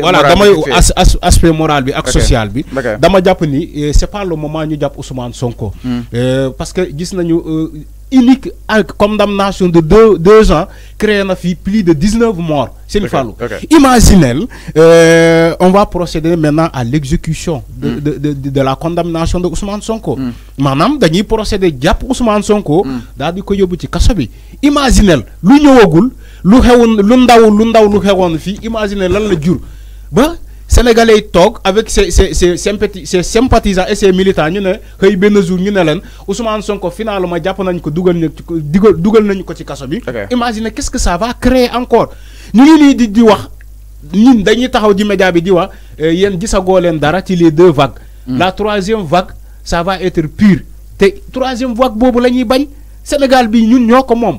voilà damay aspect moral bi ak social bi dama japp ni euh, c'est pas le moment ñu japp Ousmane Sonko hmm. euh, parce que gis nañu euh, unique ah, condamnation de deux, deux ans créé un plus de 19 morts. C'est okay, Imaginez, on va procéder maintenant à l'exécution hmm. de, de, de, la condamnation de Ousmane Sonko. Mm. Maintenant, on procéder à Ousmane Sonko, mm. dans le Imaginez, l'Union Ogoul, lu xewoon lu ndaw lu ndaw lu xewon fi imagine lan la jur ba sénégalais tok avec ses ses ses sympati ses sympathisants et ses militants ñu ne xey ben jour ñu ne lan Ousmane Sonko finalement japp nañ ko dugal nañ ko digal dugal nañu ko ci kasso bi. imagine qu'est-ce que ça va créer encore ñu ngi nii di di wax ñun dañuy taxaw di média bi di wax euh, yeen gisago len dara ci les deux vagues. Hmm. la troisième vague ça va être pure té troisième vague bobu lañuy bañ Sénégal bi ñun ñoko mom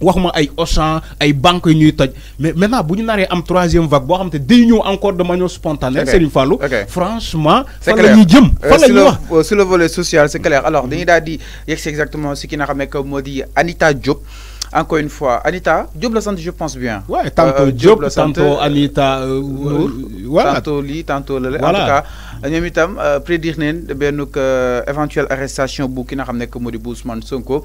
waxuma ay Auchan ay banque ñuy toj mais maintenant buñu ñu naree am troisième vague bo xam te day encore de manière spontanée Serigne Fallou franchement fallait la ñuy jëm euh, fan la wax euh, sur le volet social c'est clair alors dañuy daal di exactement ce qui n'a xam ne que moo Anita Diop encore une fois Anita Diop la sant je pense bien ouais tantôt euh, Diop tantôt Anita Nour voilà tantôt Li, tantôt lale en tout cas ñoom itam prédire neen benn éventuelle arrestation bu ki nga xam ne Ousmane Sonko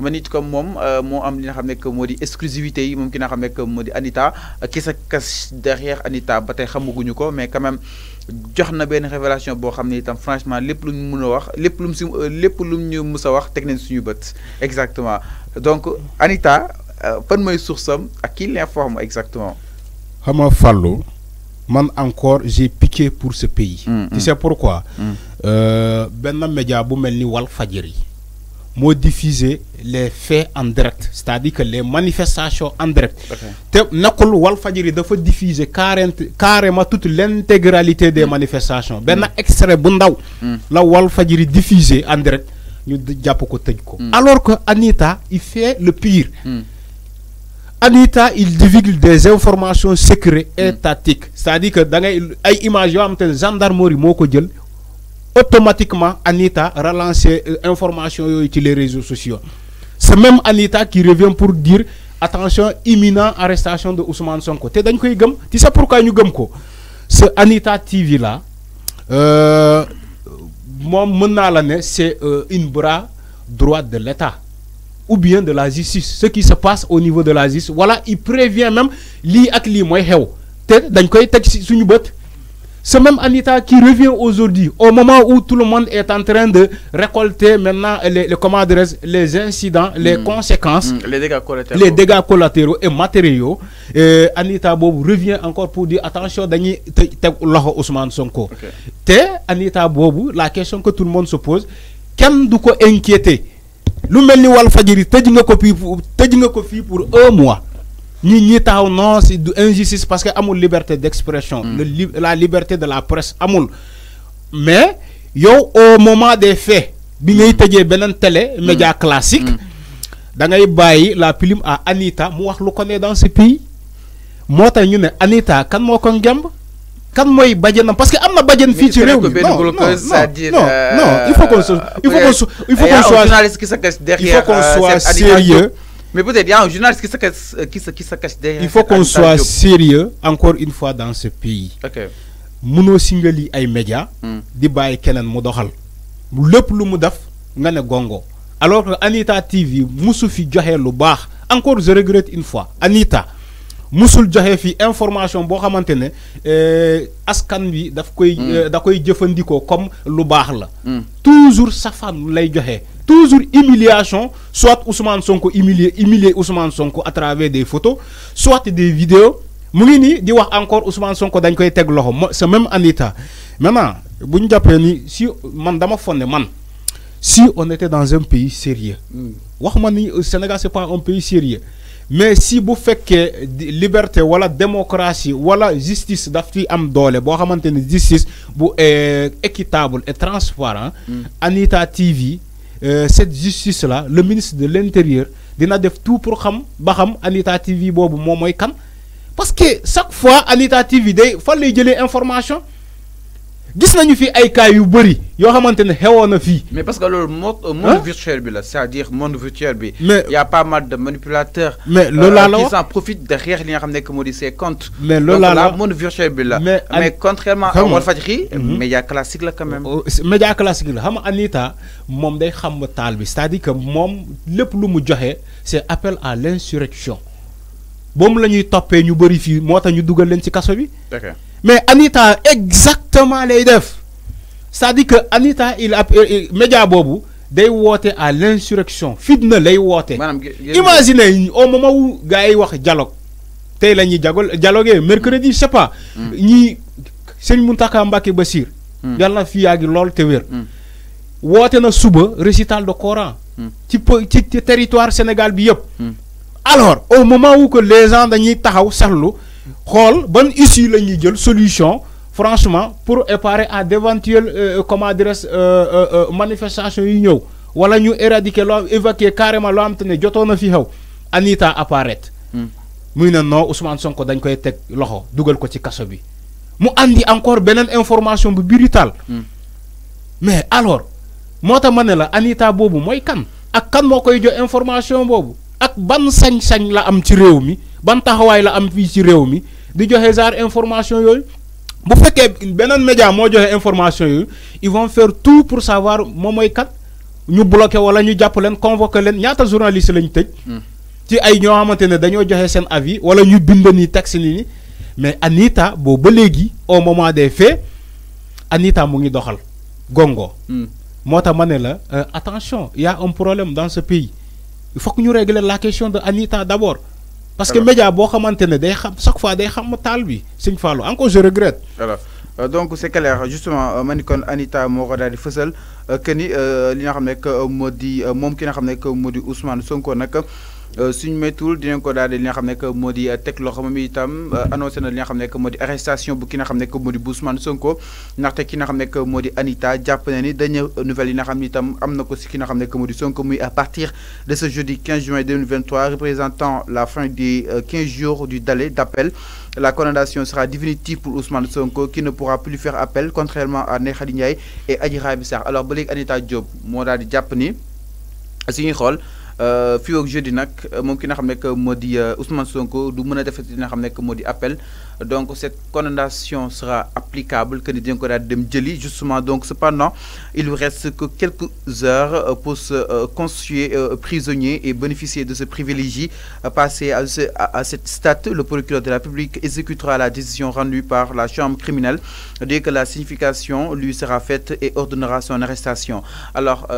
ma nit comme moom euh, moo am li nga xamné que modi exclusivité yi moom ki nga xam ne modi Anita ki sa cache derrière Anita batay xamuguñu ko mais quand même jox na révélation pour xamné tam franchement les luñu mëna wax lepp lu lepp si lépp lu ñu wax euh, tek nañ suñu bët exactement donc Anita euh, fan moy source qui l'informe exactement. xama nga Fallou man encore j'ai piqué pour ce pays. Mm, tu mm. sais pourquoi. ben média bu mel ni Walfadjri moo les faits en direct c'est-à-dire que les manifestations en direct te nekkul Walfadjri dafa diffuser 40 carrément toute l'intégralité des mm. manifestations benn mm. extrait bu ndaw mm. la Walfadjri diffuser en direct ñu jàpp ko tëj ko alors que Anita il fait le pire Anita il divulgue des informations secrètes étatiques c'est-à-dire que da ngay ay images yoo xam te gendarmerie moo jël automatiquement Anita relancer euh, information euh, sur les réseaux sociaux. C'est même Anita qui revient pour dire attention imminent arrestation de Ousmane Sonko. Tu sais pourquoi nous gëm Ce Anita TV là euh moi c'est euh, une bras droite de l'État ou bien de la justice. Ce qui se passe au niveau de la justice, voilà, il prévient même li ak li moy xew. Té dañ koy tek suñu bëtt c'est même Anita qui revient aujourd'hui, au moment où tout le monde est en train de récolter maintenant les, les incidents, les mm. conséquences, mm, les, dégâts collatéraux. et matériaux, euh, Anita Bob revient encore pour dire attention, Dani, Ousmane Sonko. té Anita Bob, la question que tout le monde se pose, quest ce du ko inquiéter? L'oumelni Wal Fadjiri, des choses pour un mois. Ni ni taw non si du injustice parce que amul liberté d'expression mm. le la liberté de la presse amul mais yow au moment des faits bi ngay mm. tëjee benen télé mm. média classique da ngay bails la plume à Anita mu wax lu connais dans ce pays moi ñu né Anita kan moko quand ngemb kan moy bàjjenam parce que amna na fi ci rew mi non non non il faut euh, qu'on il il faut qu'on euh, soit il faut qu'on soit sérieux mais peut-être il y a un journaliste qui se cache, euh, qui se, qui se cache derrière. Il faut qu'on soit sérieux, encore une fois, dans ce pays. Ok. mënoo singali ay médias. Hmm. di bàyyi kenen mu doxal. Lepp lu mu def nga ne gongo. alors que Anita TV musu fi joxe lu baax encore je regrette une fois Anita musul joxe fi information bo xamantene euh askan bi daf koy. Hmm. Euh, da koy comme lu baax la. Hmm. toujours sa femme lay joxe toujours humiliation, soit Ousmane Sonko humilié, humilié Ousmane Sonko à travers des photos, soit des vidéos. Mouni dit encore Ousmane Sonko dañ koy tek loxo c'est même en état. Maintenant, jappé ni si man man si on était dans un pays sérieux. Wax man le euh, Sénégal c'est pas un pays sérieux. mais si vous bu que liberté la démocratie la justice d'Afti Amdole, am doole boo xamante justice euh, équitable et transparent hmm. Anita TV euh, cette justice là le ministre de l'intérieur dina def tout pour xam ba xam Anita TV bobu moom kan parce que chaque fois Anita TV day fan lay information gis nañu fi ay cas yu bëri yoo xamante ne xewoon na fii. mais parce que loolu euh, monde monde hein? virtuel bi la c'est-à-dire monde virtuel bi. mais y a pas mal de manipulateurs. mais euh, loolu laa la wax qui s'en profitent derrière li nga xam ne que moo di ses comptes. mais loolu laa la monde virtuel bi la. mais mais contrairement à Walfadjri. média mm-hmm. classique la quand même. Oh, média classique la xam nga Anita moom day xam taal bi c'est-à-dire que moom lépp lu mu joxe c'est appel à l'insurrection bon lañuy topé ñu bari fi mota ñu duggal leen ci mais Anita exactement les def c'est-à-dire que Anita il a média bobu day woté à l'insurrection fitna lay woté imagine imaginez au moment où wax dialogue tay lañuy mercredi je sais pas. Hmm. ñi hmm. fi à te wër hmm. woté na suba récital de Coran. ci ci territoire Sénégal bi alors au moment où que les gens dañuy taxaw seetlu ban issue lañuy solution franchement pour préparer à d'éventuelles comment euh, euh, euh, euh, euh manifestation yu ñëw wala ñu éradiquer lo évacuer carrément ne Anita apparaître hmm. muy non Ousmane Sonko dañ koy tek loxo duggal ko ci kasso bi mu andi encore une information bu hmm. mais alors Anita bobu moy kan ak kan mo koy information ak ban sañ-sañ la am ci ban la am di information yooyu bu fekkee beneen information yooyu ils vont faire tout pour savoir moom kat ñu bloqué wala ñu jàpp leen convoqué leen ñaata journaliste lañ tëj. Hmm. ci ay ñoo xamante ne joxe avis wala ñu taxi ni mais Anita bo ba au moment des faits Anita mu ngi doxal gongo. Hmm. moo tax la euh, attention y a un problème dans ce pays il faut que nous réglions la question de Anita d'abord parce que média médias day xam chaque fois day xam tal bi encore je regrette. Euh, donc c'est clair justement euh, Anita moko ko daal di euh, que ni li nga ki Sonko euh, suñ moytuwul dinañ ko daal di li nga xam ne que moo di euh, teg loxo moom itam euh, annoncé na li nga xam ne que moo di arrestation bu ki nga xam ne que moo di bu Ousmane Sonko ndaxte ki nga xam ne que moo di Anita jàpp na ni dañu nouvelle yi nga xam ne itam am na ko si ki nga xam ne que moo di Sonko muy à partir de ce jeudi 15 juin 2023 représentant la fin des 15 jours du délai d'appel la condamnation sera définitive pour Ousmane Sonko qui ne pourra plus faire appel contrairement à Ndeye Khady Ndiaye et Adji Raby Sarr alors ba Anita Diop moo daal di jàpp ni si ñuy euh, fii ak jeudi nak euh, mom ki nga euh, Ousmane Sonko du appel donc cette condamnation sera applicable que ni ko justement donc cependant il reste que quelques heures pour se constituer prisonnier et bénéficier de ce privilège. passé à ce à cette stade le procureur de la République exécutera la décision rendue par la chambre criminelle dès que la signification lui sera faite et ordonnera son arrestation alors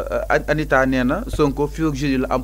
Anita Nena Sonko fii ak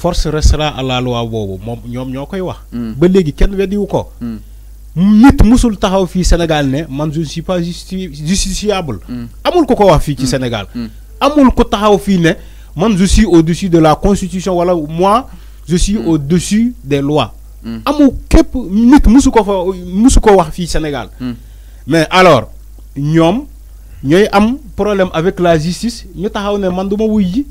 force restera à la loi bobu mom ñom ñokay wax. Hmm. ba légui kenn weddiwu ko. Hmm. nit musul taxaw fi Sénégal ne man je suis pas justiciable. Hmm. amul ko ko wax fi ci Sénégal. amul ko taxaw fi ne man je suis au-dessus de la constitution wala moi je suis au-dessus des lois. amul képp nit musu ko musu ko wax fi Sénégal. mais alors ñom ñoy am problème avec la justice ñu taxaw ne man duma wuy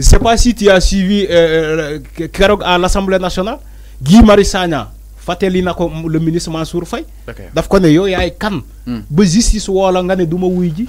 je sais pas si tu as suivi euh, euh, keroog à l'Assemblée nationale Guy Marius Sagna fàttali na ko le ministre Mansour Faye daf ko ne yow yaay kan hmm. ba justice woola nga ne duma wuy ji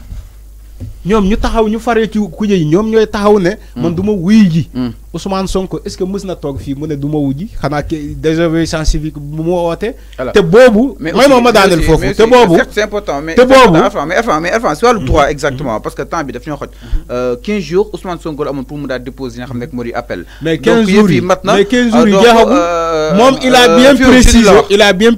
ñoom ñu taxaw ñu faree ci kuje yi ñoom ñooy taxaw ne man hmm. duma wuy ji hmm. Ousmane Sonko est-ce que mës tok fi fii mu ne du ma wujji xanaa kii déjà sens civique bu ma wootee. te boobu. mais aussi ma daaneel fofu té bobu c'est important mais te boobu mais Erfan mais Erfan si le droit mhm. exactement parce que temps bi daf ñoo xoj. 15 mhm. euh, jours Ousmane Sonko la amoon pour mu da déposer li nga xam ne moo appel. mais 15 jours yi mais 15 jours yi euh, jeexagul euh, il a bien précisé il a bien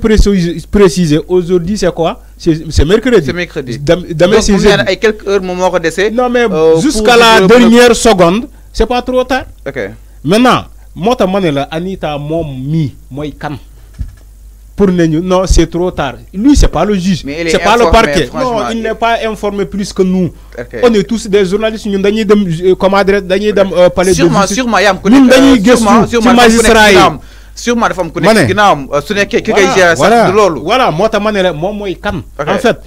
précisé aujourd'hui c'est quoi. c'est mercredi. C'est mercredi. Donc, c'est avez quelques heures, moment Non, mais jusqu'à la dernière seconde, c'est pas trop tard. ok maintenant moi tax ma Anita moom mi, mooy kan. pour ne non c'est trop tard lui c'est pas le juge. mais il c'est pas le parquet non il n'est pas informé plus que nous. on est tous des journalistes ñun dañuy dem euh, comment dire dañuy dem euh, palais de justice. sûrement dañuy euh, gëstu ci magistrat sûrement dafa am ku nekk ginnaawam su nekkee ki gérer voilà moi tax ma ne la moom mooy en fait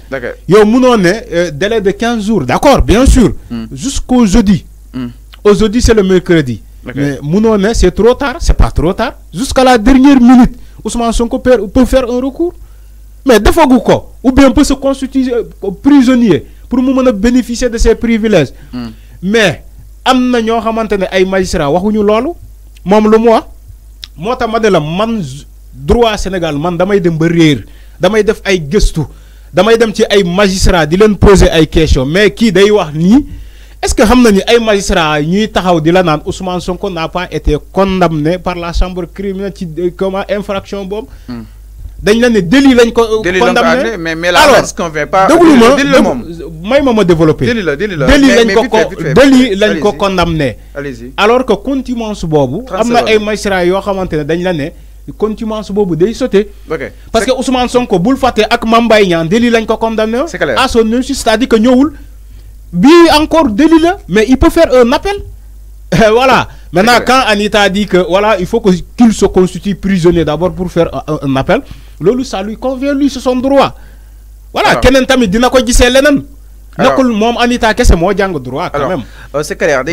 yow a un délai de 15 jours d'accord bien sûr. Hmm. jusqu'au jeudi. Hmm aujourd'hui c'est le mercredi. Mais c'est trop tard, c'est pas trop tard. Jusqu'à la dernière minute, Ousmane Sonko peut, peut faire un recours. Mais des fois, ou bien peut se constituer euh, prisonnier pour bénéficier de ses privilèges. Hmm. Mais, il y a des ay magistrats waxuñu loolu moom lu mu wax moo Moi, je suis la man droit Sénégal man damay dem ba réer damay def ay gëstu damay dem ci ay magistrats di poser ay questions mais qui day wax est-ce que xam nañu ay magistrats ñuy taxaw di Ousmane Sonko n'a pas été condamné par la chambre criminelle ci euh, infraction bomb? Hmm. dañ la ne délit lañ ko. condamné mais mais la pas. le mom may ma développer délit la délit la délit lañ ko délit lañ ko condamné. alors que contumace bobu amna ay magistrats yo xamantene ne dañ la ne. contumace boobu day sauter. parce que Ousmane Sonko bul fàtte ak Mame Mbaye Niang délit lañ ko condamné. c'est clair à son c'est-à-dire que ñewul bi encore délit là, mais il peut faire un appel. voilà. Maintenant, quand Anita a dit que voilà, il faut qu'il se constitue prisonnier d'abord pour faire un, un appel, Lolo, ça lui convient, lui, c'est son droit. Voilà, kenen tamit dina ko pas dit c'est mom Anita, qu'est-ce que moi, droit quand même. Euh, c'est clair,